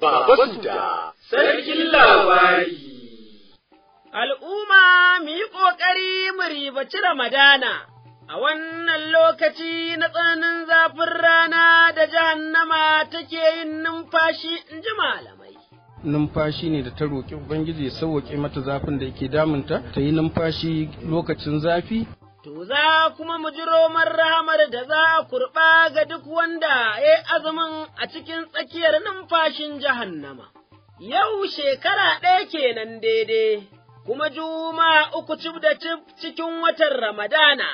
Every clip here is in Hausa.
Babasu da Sarkin Labari. Al'umma mu yi ƙoƙari mu ribaci Ramadana a wannan lokaci na tsananin zafin rana da jahannama take yin numfashi in ji malamai. Numfashi ne da ta roƙi Ubangiji ya sauwaƙe mata zafin da yake damunta, ta yi numfashi lokacin zafi. to za kuma mu ji roman rahamar da za a kurɓa ga duk wanda ya azumin a cikin tsakiyar numfashin jahannama. Yau shekara ɗaya kenan daidai, kuma juma uku cif da cif cikin watan Ramadana,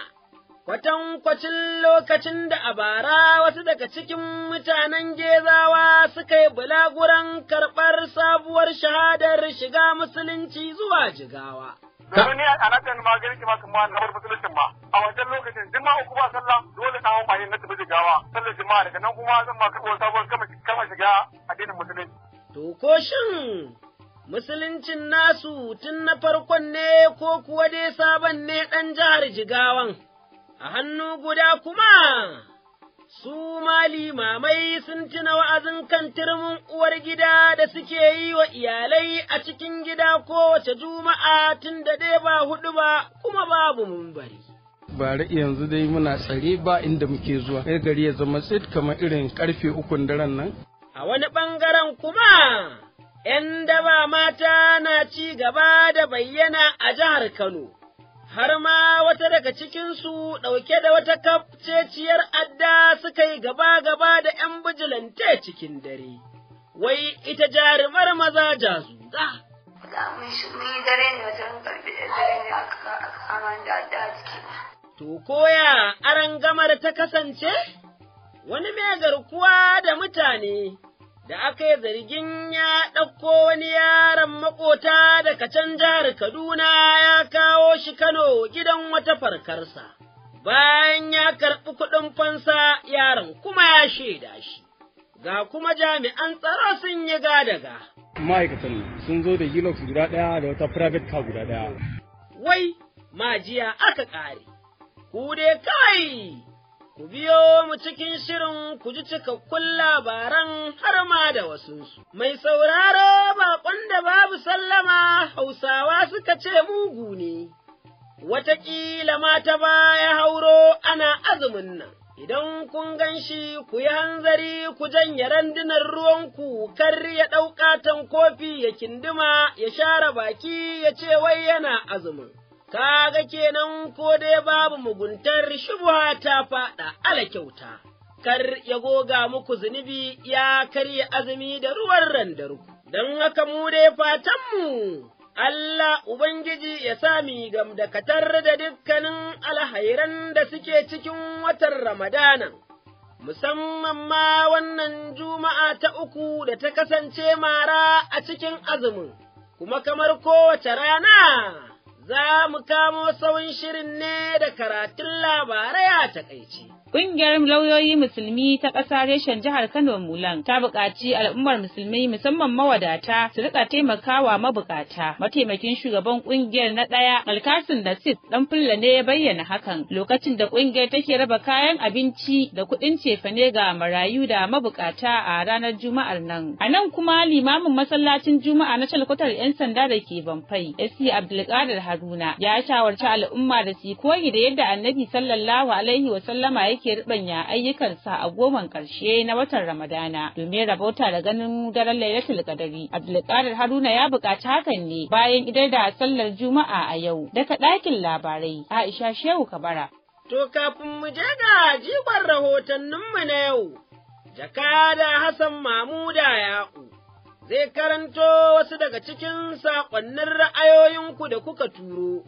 kwatankwacin lokacin da a bara wasu daga cikin mutanen gezawa suka yi bulaguran karɓar sabuwar shahadar shiga musulunci zuwa jigawa. domin ni a na kan ma gani ma na bar musuluncin ma a wancan lokacin jima'a uku ba sallah dole ta hawan na tafi jigawa sallar jima'a daga nan kuma zan ma karɓo sabon kama shiga addinin musulunci. To ko shin musuluncin nasu tun na farkon ne ko kuwa dai sabon ne dan jihar Jigawan, a hannu guda kuma su ma limamai sun tuna wa'azin kan turmin uwar gida da suke yi wa iyalai a cikin gida kowace juma'a tun da dai ba hudu ba kuma babu mumbari. bari yanzu dai muna tsare ba inda muke zuwa ya gari ya zama tsit kamar irin karfe ukun daren nan. A wani ɓangaren kuma, ‘yan daba mata na ci gaba da bayyana a jihar Kano. har ma wata daga cikinsu ɗauke da wata kafceciyar adda suka yi gaba-gaba da ’yan bijilante cikin dare, wai ita jarumar maza jazu dare ne wajen To koya arangamar ta kasance? Wani mai garkuwa da mutane da aka yi zargin ya ɗauko wani yaron maƙota daga can jihar Kaduna ya kawo shi Kano gidan wata farkarsa, bayan ya karɓi kuɗin fansa yaron kuma ya shaida shi, ga kuma jami'an tsaro sun yi gadaga. Ma'aikatan sun zo da Hilux guda ɗaya da wata private car guda ɗaya. Wai, majiya aka ƙare, ku dai kawai! Ku biyo mu cikin shirin ku ji cikakkun labaran har ma da wasunsu. Mai sauraro baƙon da babu sallama Hausawa suka ce mugu ne, watakila mata baya hauro ana azumin nan. Idan kun gan shi ku yi hanzari ku janye randunan ruwanku kar ya ɗaukatan kofi ya kindima ya share baki ya ce wai yana azumin. kaga kenan ko dai babu muguntar shubuwa ta faɗa ala kyauta, kar ya goga muku zunubi ya karya azumi da ruwan randarku, don haka mu dai fatanmu. Allah Ubangiji ya sami gamdakatar da dukkanin alhairan da suke cikin watan Ramadana, musamman ma wannan Juma'a ta uku da ta kasance mara a cikin azumin, kuma kamar kowace rana. za mu kamo sauyin shirin ne da karatun labarai a takaici. Ƙungiyar lauyoyi musulmi ta ƙasa reshen jihar Kano Mulan ta buƙaci al'ummar musulmi musamman mawadata su rika taimakawa mabuƙata. Mataimakin shugaban ƙungiyar na ɗaya Alkasin Nasir ɗan fulla ne ya bayyana hakan lokacin da ƙungiyar take raba kayan abinci da kuɗin cefane ga marayu da mabuƙata a ranar Juma'ar nan. A nan kuma limamin masallacin Juma'a na shalkwatar 'yan sanda da ke Bamfai, SC Abdulkadir Haruna ya shawarci al'umma da su koyi da yadda Annabi sallallahu alaihi wa sallama yake ribanya ayyukansa a goman karshe na watan Ramadana domin rabota da ganin daren Lailatul Qadari. Abdulkadir Haruna ya buƙaci hakan ne bayan idar da sallar Juma'a a yau. Daga ɗakin labarai Aisha Shehu Kabara. To kafin mu je ga rahotannin rahotanninmu na yau, jakada Hassan Mamuda Ya'u zai karanto wasu daga cikin saƙonnin ra'ayoyinku da kuka turo,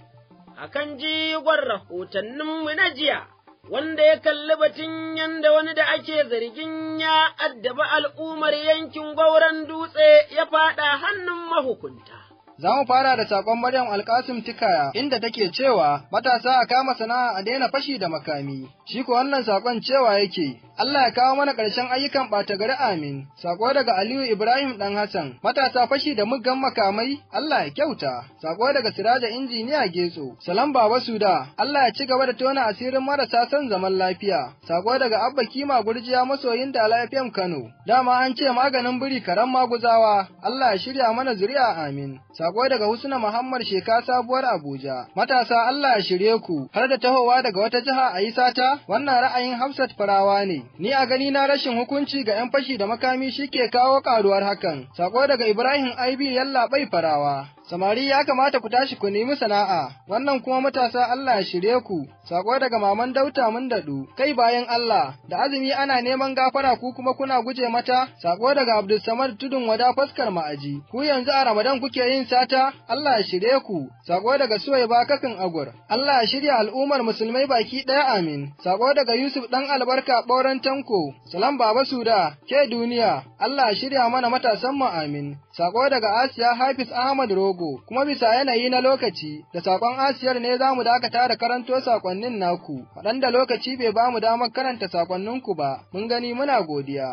akan jigon rahotanninmu na jiya. wanda ya kalli batun yanda wani da ake zargin ya addaba al'ummar yankin gwauran dutse ya faɗa hannun mahukunta. Za mu fara da saƙon Maryam Alƙasim Tikaya inda take cewa matasa a kama sana'a a daina fashi da makami. Shi ko wannan saƙon cewa yake Allah ya kawo mana ƙarshen ayyukan ɓata gari amin. Sako daga Aliyu Ibrahim ɗan Hassan, matasa fashi da muggan makamai, Allah ya kyauta. Saƙo daga Siraja Injiniya Getso, Salam Baba Suda, Allah ya ci gaba da tona asirin marasa son zaman lafiya. Sako daga Abba Kima Gurjiya masoyin da lafiyan Kano. Dama an ce maganin biri karan maguzawa, Allah ya shirya mana zuri'a amin. Saƙo daga Husna Muhammad Sheka sabuwar Abuja. Matasa Allah ya shirye ku, har da tahowa daga wata jiha a yi sata, wannan ra'ayin Hafsat Farawa ne. Ni a gani na rashin hukunci ga 'yan fashi da makami shi ke kawo ƙaruwar hakan. Sako daga Ibrahim IB Yalla bai farawa. Samari ya kamata ku tashi ku nemi sana'a, wannan kuma matasa Allah ya shirye ku, Saƙo daga maman dauta mun daɗu, kai bayan Allah, da azumi ana neman gafara ku kuma kuna guje mata, Saƙo daga Abdul samad tudun wada faskar ma'aji, ku yanzu a Ramadan kuke yin sata, Allah ya shirye ku, Saƙo daga Suwai kakan Agur, Allah ya shirya al'ummar musulmai baki ɗaya amin, sako daga Yusuf ɗan albarka ɓauren tanko, salam baba suda, ke duniya, Allah ya shirya mana matasan mu amin. Sako daga Asiya Hafiz Ahmad Rogo, kuma bisa yanayi na lokaci, da sakon Asiyar ne za mu dakata da karanto sakonnin naku, waɗanda lokaci bai ba mu damar karanta sakonninku ba, mun gani muna godiya.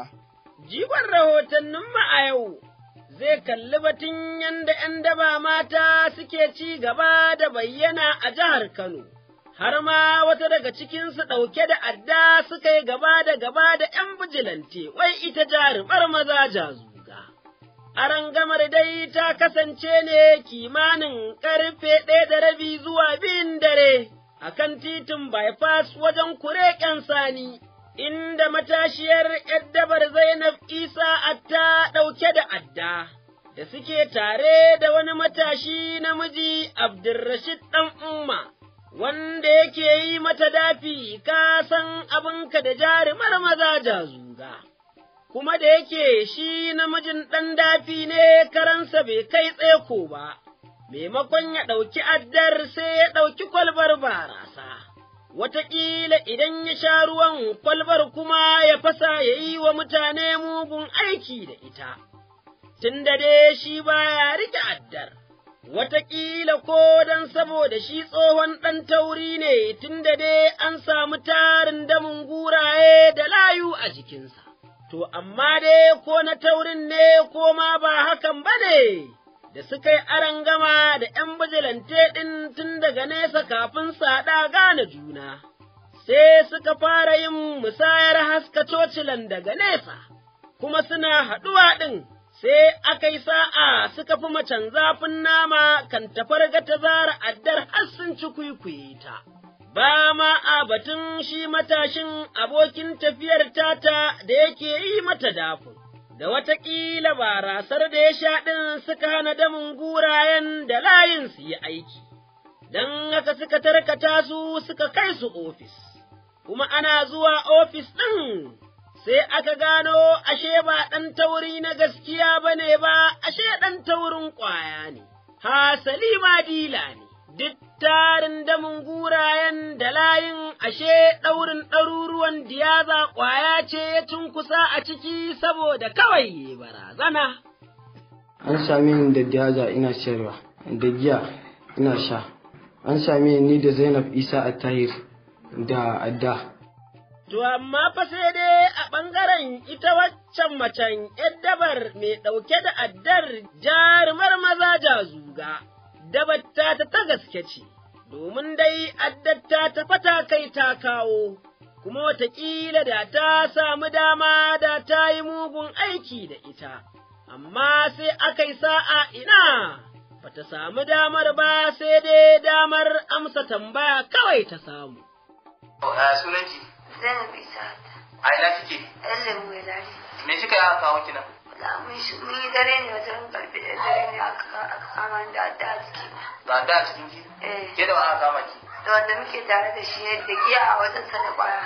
Jigon rahotannin mu a yau zai kalli batun yanda ‘yan daba mata suke ci gaba da bayyana a jihar Kano. Har ma wata daga cikinsu ɗauke da adda suka yi gaba da gaba da ‘yan bijilante, wai ita jarumar maza jazu. Arangamar dai ta kasance ne kimanin ƙarfe ɗaya da rabi zuwa biyun dare a kan titin bypass wajen kureƙen sani, inda matashiyar ‘yaddabar Zainab Isa atta ɗauke da adda, da suke tare da wani matashi namiji Abdulrashid ɗan Umma. Wanda yake yi mata dafi, kasan abinka da jarumar maza jazuga. kuma da yake shi namijin ɗan dafi ne karansa bai kai tseko ba, maimakon ya ɗauki addar sai ya ɗauki kwalbar barasa. Wataƙila idan ya sha ruwan kwalbar kuma ya fasa ya yi wa mutane mugun aiki da ita, tun da dai shi ba ya riƙe addar. Wataƙila ko don saboda shi tsohon ɗan tauri ne tun da dai an samu tarin damin guraye da layu a jikinsa. to amma dai ko na taurin ne ko ma ba hakan ba ne, da suka yi gama da ’yan bijilante ɗin tun daga nesa kafin saɗa gane juna, sai suka fara yin musayar haska cocilan daga nesa, kuma suna haɗuwa ɗin. Sai aka yi sa'a suka fi macen zafin nama kan tafarga ta zara addar har sun ci kwaikwaye ta. ba ma a batun shi matashin abokin tafiyar tata da yake yi mata dafu, da ba barasar da ya sha ɗin suka hana damin gurayen da layin su yi aiki, don haka suka tarkata su suka kai su ofis, kuma ana zuwa ofis ɗin sai aka gano ashe ba ɗan tauri na gaskiya ba ne ba, ashe ɗan taurin ƙwaya ne, ha Salima dila ne, duk tarin damin gurayen da layin ashe ɗaurin ɗaruruwan diyaza ƙwaya ce ya cunkusa a ciki saboda kawai barazana. An sami ni da diyaza ina sayarwa, da giya ina sha. An sami ni da Zainab Isa a tahir da adda. To amma fa sai dai a ɓangaren ita waccan macen ‘yar dabar mai ɗauke da addar jarumar maza addabarta ta ta gaske ce, domin dai addatta ta fata kai ta kawo, kuma watakila da ta samu dama da ta yi mugun aiki da ita, amma sai aka yi sa'a ina, ba ta samu damar ba sai dai damar amsa tambaya kawai ta samu. Zan Aina kike? Ellen Me kika yi a kawo kina? mun yi dare ne wajen karfe da dare ne aka kama da adda a jiki. da adda a cikin ki ke da wani kama ki da wanda muke tare da shi da giya a wajen sa da kwaya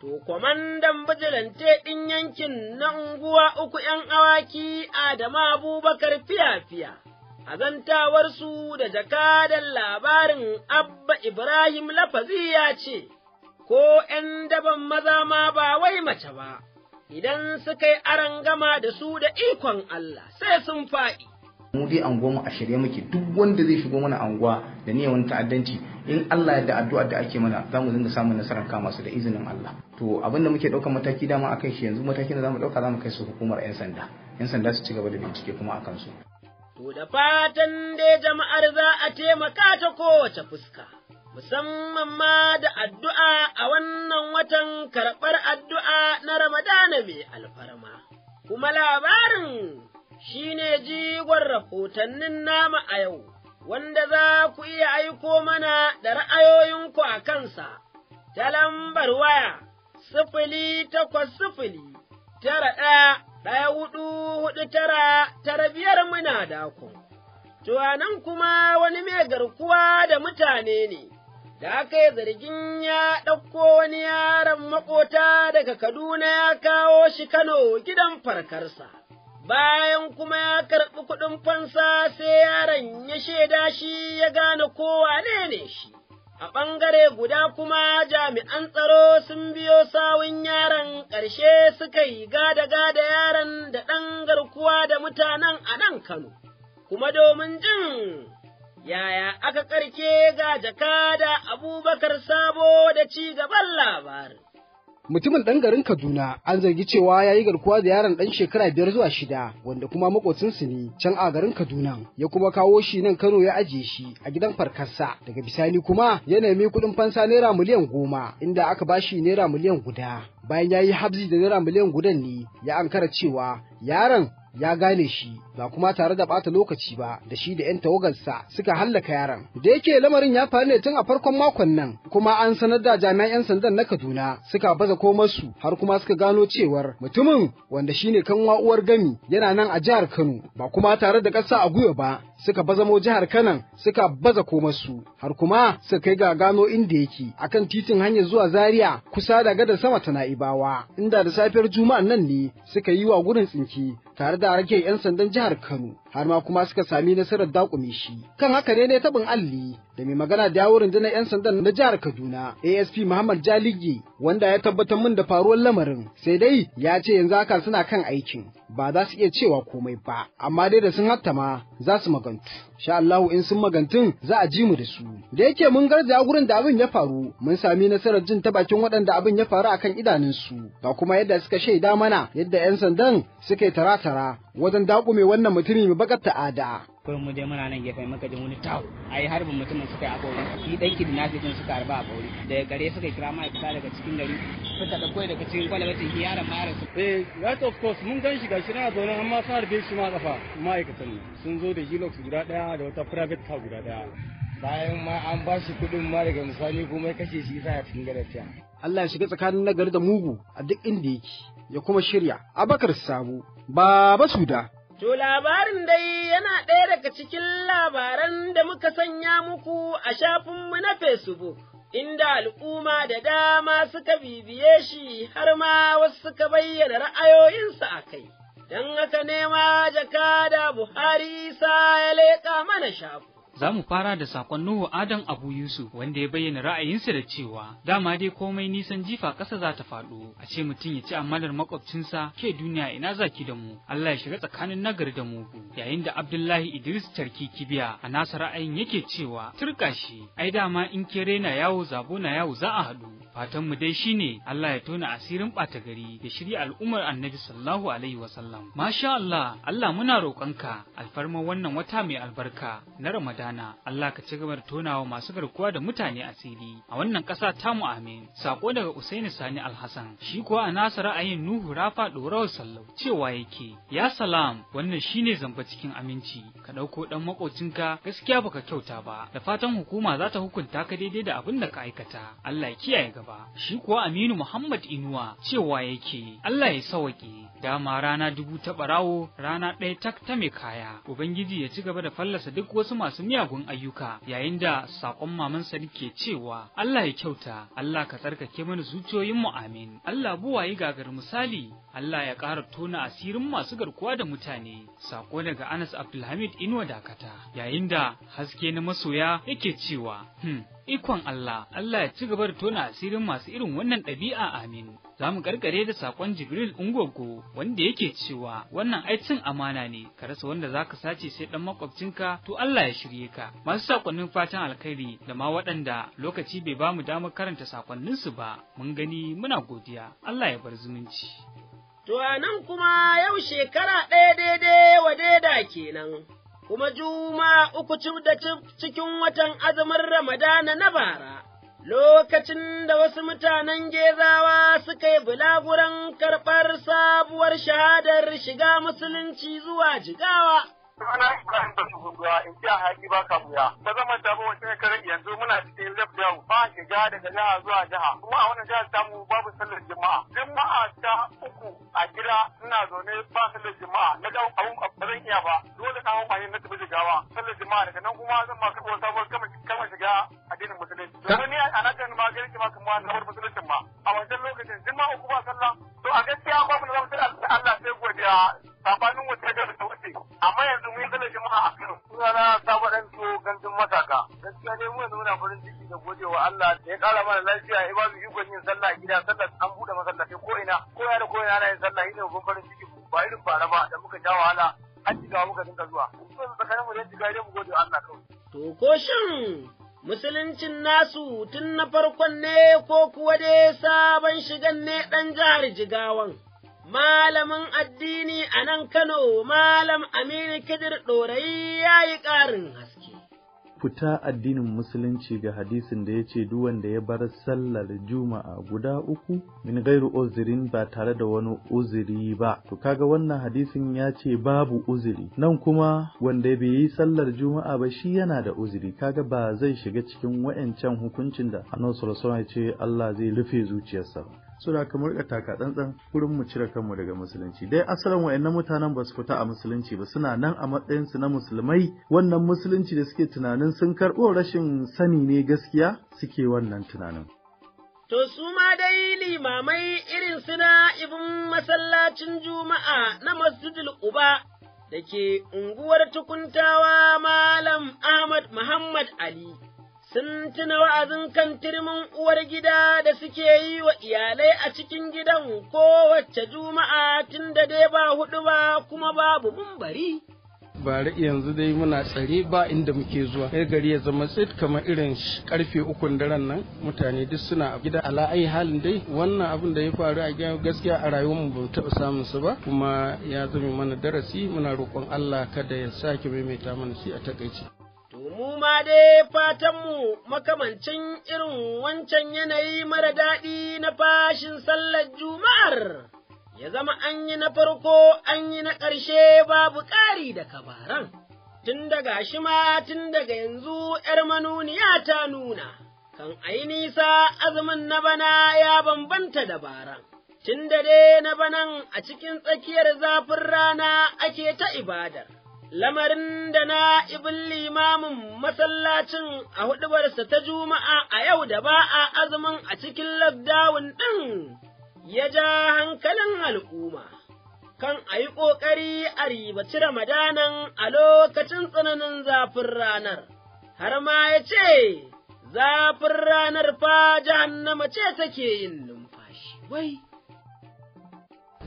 To, kwamandan bijilante ɗin yankin na unguwa uku ‘yan awaki Adama Abubakar fiya-fiya, a zantawarsu da jakadan labarin Abba Ibrahim lafazi ya ce, Ko ‘yan daban maza ma ba wai mace ba, idan suka yi gama da su da ikon Allah sai sun faɗi. mu dai anguwa mu a shirye muke duk wanda zai shigo mana anguwa da niyan wani ta'addanci in Allah ya da addu'a da ake mana za mu dinga samun nasarar kama su da izinin Allah to abin da muke ɗaukar mataki dama kai shi yanzu matakin da za mu ɗauka za mu kai su hukumar 'yan sanda 'yan sanda su ci gaba da bincike kuma a kansu. To da fatan dai jama'ar za a taimaka ta kowace fuska. musamman ma da addu'a a wannan watan karɓar addu'a na Ramadana mai alfarma. Kuma labarin shi ne jigon rahotannin nama a yau, wanda za ku iya aiko mana da ra'ayoyinku a kansa, ta lambar waya sifili takwas sifili, tara ɗaya, ɗaya hudu hudu tara, tara biyar muna dako. To, kuma wani mai garkuwa da mutane ne. da aka yi zargin ya ɗauko wani yaron maƙota daga Kaduna ya kawo shi Kano gidan farkarsa. Bayan kuma ya karɓi kuɗin fansa sai yaron ya shaida shi ya gane kowa ne ne shi. A ɓangare guda kuma jami'an tsaro sun biyo sawun yaron ƙarshe suka yi gada-gada yaron da ɗan garkuwa da mutanen a nan Kano, kuma domin jin yaya aka karke ga jakada abubakar sabo da ci gaban labarin. Mutumin ɗan garin Kaduna an zargi cewa ya yi garkuwa da yaron ɗan shekara biyar zuwa shida wanda kuma su ne can a garin Kaduna ya kuma kawo shi nan Kano ya ajiye shi a gidan farkarsa daga bisani kuma ya nemi kuɗin fansa naira miliyan goma inda aka ba shi naira miliyan guda. bayan ya yi habzi da naira miliyan gudan ne ya ankara cewa yaron ya gane shi ba kuma tare da ɓata lokaci ba da shi da 'yan tawagarsa suka hallaka yaran. Da yake lamarin ya faru ne tun a farkon makon nan kuma an sanar da jami'an 'yan sandan na Kaduna suka baza komarsu har kuma suka gano cewar mutumin wanda shine kan uwar gami yana nan a jihar Kano ba kuma tare da ƙasa a guyo ba suka bazamo jihar Kanan suka baza komarsu har kuma suka kai ga gano inda yake akan titin hanyar zuwa Zaria kusa da gadar sama ta Na'ibawa inda da safiyar Juma'an nan ne suka yi wa gurin tsinki tare da rage 'yan sandan jihar Kano har ma kuma suka sami nasarar dakume shi kan haka ne ne tabin alli da mai magana da yawon dana 'yan sandan na jihar kaduna asp muhammad jaligi wanda ya tabbatar min da faruwar lamarin sai dai ya ce yanzu haka suna kan aikin ba za su iya cewa komai ba amma dai da sun hatta ma za su magantu sha Allahu in sun magantun za a ji mu da su da yake mun garzaya gurin da abin ya faru mun sami nasarar jin ta bakin waɗanda abin ya faru akan idanunsu ga kuma yadda suka shaida mana yadda 'yan sandan suka yi tara-tara wajen daƙume wannan mutumi mai bakar ta'ada kawai mu je muna nan gefe muka ji wani a ai harbin mutumin suka yi a bauri shi dan kidnapping suka harba a bauri daga gare suka kira fita daga cikin gari suka da kawai daga cikin kwalabatin shi yaron mayar su eh right of course mun gan shi shi na zaune amma sun harbe shi ma kafa ma'aikatan sun zo da hilux guda daya da wata private car guda daya bayan ma an ba shi kuɗin ma daga misali kuma ya kashe shi sa ya cikin garafiya. Allah ya shiga tsakanin nagari da mugu a duk inda yake ya kuma shirya Abakar sabu Baba Suda To labarin dai yana ɗaya daga cikin labaran da muka sanya muku a shafinmu na Facebook, inda al'umma da dama suka bibiye shi har ma wasu suka bayyana ra'ayoyinsu a kai. Don haka nema jakada Buhari sa ya leƙa mana shafu. za mu fara da sakon Nuhu Adam Abu Yusuf wanda ya bayyana ra'ayinsa da cewa dama dai komai nisan jifa ƙasa za ta faɗo a ce mutum ya ci amalar makwabcinsa ke duniya ina zaki da mu Allah ya shiga tsakanin nagari da mugu yayin da Abdullahi Idris Tarki Kibiya a nasa ra'ayin yake cewa turka shi ai dama in ke rena yawo zabo na yawo za a haɗu Fatan mu dai shine Allah ya tona asirin bata gari ya shirya al'ummar Annabi sallallahu alaihi wasallam. Masha Allah, Allah muna roƙonka alfarma wannan wata mai albarka na Ramadana. Allah ka ci gaba da tonawa masu garkuwa da mutane asiri a wannan ƙasa ta mu amin. Sako daga Usaini Sani Alhassan. Shi kuwa a nasa ra'ayin Nuhu Rafa Ɗorawar Sallau cewa yake, "Ya salam, wannan shine zamba cikin aminci. Ka ɗauko ɗan makocinka gaskiya baka kyauta ba. Da fatan hukuma za ta hukunta ka daidai da abin da ka aikata. Allah ya kiyaye gaba. ba shi kuwa Aminu Muhammad Inuwa cewa yake Allah ya sauke dama rana dubu ta barawo rana ɗaya ta ta mai kaya ubangiji ya ci gaba da fallasa duk wasu masu miyagun ayyuka yayin da sakon maman sadiq ke cewa Allah ya kyauta Allah ka tsarkake mana zuciyoyin mu amin Allah buwaye gagar misali Allah ya ƙara tona asirin masu garkuwa da mutane sako daga Anas Abdulhamid Inuwa Dakata yayin da haske na masoya yake cewa hmm ikon Allah, Allah ya ci gaba da tona asirin masu irin wannan ɗabi'a Aminu. Za mu karkare da saƙon Jibril Ungogo wanda yake cewa wannan ai cin amana ne, ka rasa wanda za ka sace sai ɗan makwabcinka to Allah ya shirye ka. Masu saƙonnin fatan alkhairi da ma waɗanda lokaci bai bamu mu damar karanta saƙonninsu ba, mun gani muna godiya, Allah ya bar zumunci. To a nan kuma yau shekara ɗaya daidai wa daida kenan. kuma juma uku da cikin watan azumin Ramadana na bara, lokacin da wasu mutanen gezawa suka yi bulaguran karɓar sabuwar shahadar shiga musulunci zuwa jigawa. Suna Ibrahim da Shugunduwa, in ji a haƙi ba ka buya. Ba zama ta ba wata shekarar yanzu muna cikin left down ba shiga daga jiha zuwa jiha. Kuma a wannan jihar tamu babu sallar jima'a. Jima'a ta uku a gida suna zaune ba sallar jima'a. Na ga abun ba zan iya ba. Dole kawo kwanye na tafi jigawa. Sallar jima'a daga nan kuma zan ma karɓo sabuwar kama shiga addinin musulunci. Domin ni a na ganin ma ganin ma kamar na bar musuluncin ma. A wancan lokacin jima'a uku ba sallah. To a gaskiya babu na zama sai Allah sai godiya sabanin wata jihar ta wuce amma yanzu mun zala jama'a a Kano sunana sabon dan to gandun masaka gaskiya dai mun nuna muna farin ciki da godewa Allah da ya kara mana lafiya ya ba mu ikon yin sallah gida sallah an bude masallaci ko ina ko ya da ko ina ana yin sallah ina gun farin ciki ba irin bara ba da muka ja wahala an jigawa muka dinga zuwa mun tsakanin mu da jigawa dai mu gode Allah kawai to ko shin Musuluncin nasu tun na farkon ne ko kuwa dai sabon shigan ne ɗan jihar Jigawan. malamin addini a nan Kano, Malam Aminu Kidir Ɗorayi ya yi ƙarin haske. Fita addinin Musulunci ga hadisin da ya ce duk wanda ya bar sallar Juma'a guda uku min gairu uzirin ba tare da wani uziri ba. To kaga wannan hadisin ya ce babu uziri. Nan kuma wanda bai yi sallar Juma'a ba shi yana da uziri. Kaga ba zai shiga cikin wa'ancan hukuncin da Annabi ya ce Allah zai rufe zuciyarsa ba. suna kamar ka taka tsantsan kurin mu cire kanmu daga musulunci dai asalin wayannan mutanen ba su fita a musulunci ba suna nan a matsayin su na musulmai wannan musulunci da suke tunanin sun karɓo rashin sani ne gaskiya suke wannan tunanin To su ma dai limamai irin suna ibin masallacin Juma'a na Masjidul Uba da unguwar tukuntawa Malam Ahmad Muhammad Ali. sun tuna wa'azin kan turmin uwar gida da suke yi wa iyalai a cikin gidan kowace juma'a tun da dai ba hudu ba kuma babu mumbari. bari yanzu dai muna tsare ba inda muke zuwa kai gari ya zama tsit kamar irin karfe ukun daren nan mutane duk suna a gida ala ai halin dai wannan abin da ya faru a gidan gaskiya a rayuwar mu taɓa samun su ba kuma ya zama mana darasi muna roƙon Allah kada ya sake maimaita mana shi a takaici ma dai fatanmu makamancin irin wancan yanayi mara daɗi na fashin sallar Juma'ar, ya zama an yi na farko an yi na ƙarshe babu ƙari da kabaran. Tun daga shi ma tun daga yanzu ’yar manuniya ta nuna, kan ai nisa azumin na bana ya bambanta da baran. Tun da dai na banan a cikin tsakiyar zafin rana ake ta ibadar. lamarin da na'ibin limamin masallacin a huɗubarsa ta juma'a a yau da ba a azumin a cikin lockdown ɗin ya ja hankalin al'umma. Kan a yi ƙoƙari a ribaci Ramadanan a lokacin tsananin zafin ranar, har ma ya ce, Zafin ranar fa jahannama ce take yin numfashi, wai.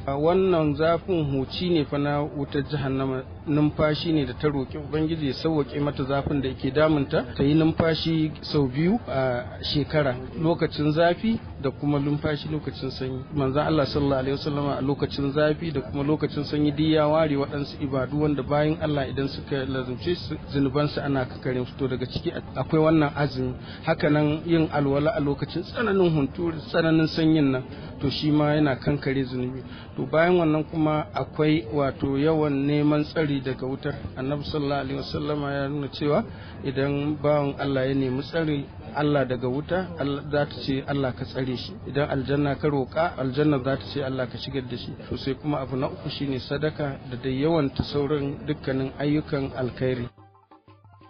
A wannan zafin huci ne fa na wutar jahannama numfashi ne da ta roƙi ubangiji ya sauwaƙe mata zafin da yake damunta ta yi numfashi sau biyu a shekara lokacin zafi da kuma numfashi lokacin sanyi manzan Allah sallallahu alaihi wasallam a lokacin zafi da kuma lokacin sanyi duk ya ware waɗansu ibadu wanda bayan Allah idan suka lazumce zunubansu ana kakarin su to daga ciki akwai wannan azumi hakanan yin alwala a lokacin tsananin hunturu tsananin sanyin nan to shi ma yana kankare zunubi to bayan wannan kuma akwai wato yawan neman tsari daga wutar annabi sallallahu alaihi wasallama ya nuna cewa idan bawan Allah ya nemi tsari Allah daga wuta za ta ce Allah ka tsare shi idan aljanna ka roƙa aljanna za ta ce Allah ka shigar da shi to sai kuma abu na uku shine sadaka da da yawan ta sauran dukkanin ayyukan alkhairi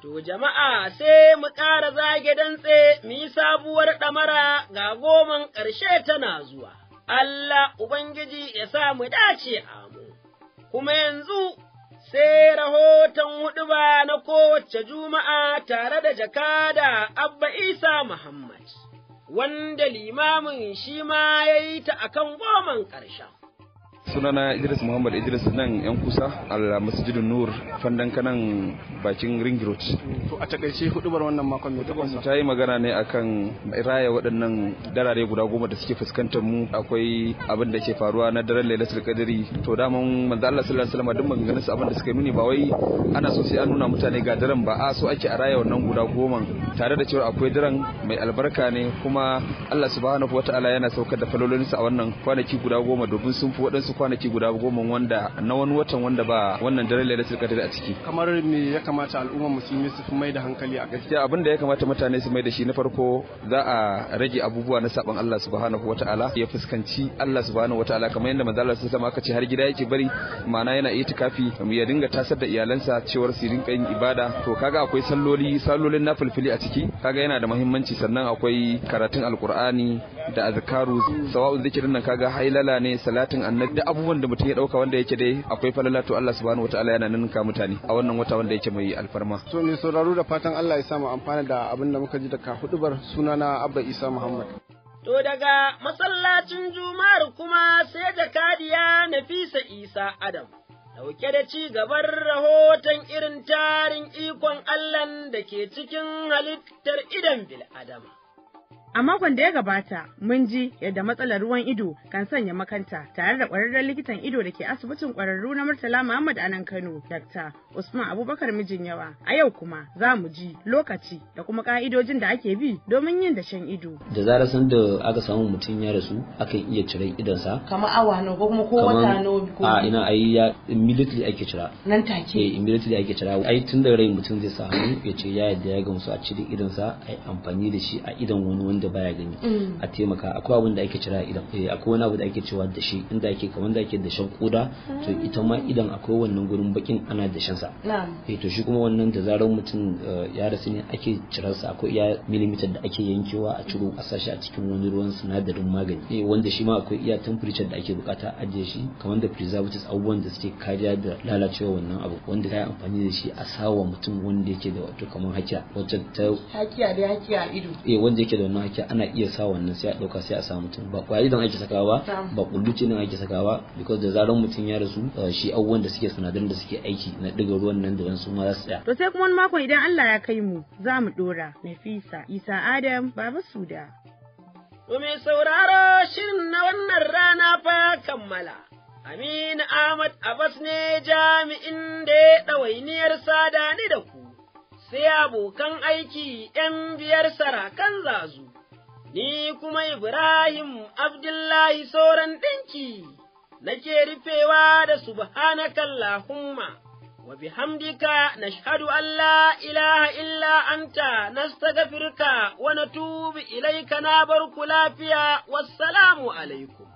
To jama'a sai mu ƙara zage dantse mu yi sabuwar ɗamara ga goman ƙarshe tana zuwa. Allah Ubangiji ya sa mu dace amu, kuma yanzu sai rahoton huɗuba na kowace juma'a tare da jakada Abba Isa Muhammad, wanda limamin shi ma ya yi ta akan goman ƙarshen. sunana idris muhammad idris nan yan kusa al masjidin nur fandan kanan bakin ring road to a takaice hudubar wannan makon mai takwas ta yi magana ne akan raya waɗannan darare guda goma da suke fuskantar mu akwai abin da ke faruwa na daren lailatul qadri to da mun manzo Allah sallallahu alaihi wasallam duk maganganun abin da suka yi mini ba wai ana so sai an nuna mutane ga daren ba a so ake a raya wannan guda goma tare da cewa akwai daren mai albarka ne kuma Allah subhanahu wataala yana saukar da falolinsa a wannan kwanaki guda goma domin sun fi waɗansu kwanaki guda goma wanda na wani watan wanda ba wannan daren lailatul qadr a ciki kamar me ya kamata al'umma musulmi su fi mai da hankali a gaskiya abinda da ya kamata mutane su mai da shi na farko za a rage abubuwa na saban Allah subhanahu wataala ya fuskanci Allah subhanahu wataala kamar yadda manzo Allah sallallahu aka ce har gida yake bari ma'ana yana itikafi ya dinga tasar da iyalansa cewar su rinka yin ibada to kaga akwai salloli sallolin nafilfili a ciki kaga yana da muhimmanci sannan akwai karatun Alkur'ani. da azkaru sawa'u zikirin nan kaga hailala ne salatin annabi da abubuwan da mutum ya dauka wanda yake dai akwai falala to Allah subhanahu wataala yana ninka mutane a wannan wata wanda yake mai alfarma to mai sauraro da fatan Allah ya samu amfana da abin da muka ji daga hudubar sunana Abba Isa Muhammad To daga masallacin Juma'ar kuma sai da kadiya Nafisa Isa Adam, dauke da ci gaban rahoton irin tarin ikon Allahn da ke cikin halittar idan adama. A makon da ya gabata, mun ji yadda matsalar ruwan ido kan sanya makanta tare da ƙwararren likitan ido da ke asibitin ƙwararru na Murtala Muhammad Anan Kano, Dr. Usman Abubakar Mijin Yawa. A yau kuma za mu ji lokaci da kuma ƙa'idojin da ake bi domin yin dashen ido. Da zarar san da aka samu mutum ya rasu, akan iya cire idonsa. Kamar awa nawa ko kuma ko wata nawa ko. A ina ayi ya immediately ake cira. Nan take. Eh immediately ake cira. Ai tun da rai mutum zai samu ya ce ya yadda ya gamsu a cire idonsa, ai amfani da shi a idon wani wanda da baya gani mm. a taimaka akwai abin da ake cira idan eh, akwai wani abu da ake cewa da shi inda ake kamar da ake da shan koda to mm. ita ma idan akwai wannan gurin bakin ana da shan sa eh to shi kuma wannan da zarar mutum eh, ya rasu ne ake cirar sa akwai iya millimeter da ake yankewa a ciro a sashi a cikin wani ruwan sinadarin magani eh wanda shi ma akwai iya temperature da ake bukata a ajiye shi kamar da preservatives abubuwan da suke kariya da lalacewa wannan abu wanda ka yi amfani da shi a sawa mutum wanda yake da wato kamar hakiya wacce ta hakiya da hakiya ido eh wanda yake da wannan ake ana iya sa wannan sai a ɗauka sai a samu mutum ba kwayi don ake sakawa ba ba kulluci don ake sakawa because da zaran mutum ya rasu uh, shi abubuwan da suke sunadarin da suke aiki na diga ruwan nan da su ma za su tsaya. to sai kuma wani mako idan Allah ya kai mu za mu ɗora Nafisa Isa Adam Baba Suda. To sauraro shirin na wannan rana fa kammala. Amin Ahmad Abbas ne jami'in da ya ɗawainiyar sada ni da ku, sai abokan aiki ’yan biyar sarakan zazu. ni kuma Ibrahim Abdullahi sauran ɗinki, nake rufewa da subhanakallahumma wa bihamdika nashhadu an la ilaha illa anta nastaghfiruka wa natubu ilaika na barku lafiya wassalamu alaikum.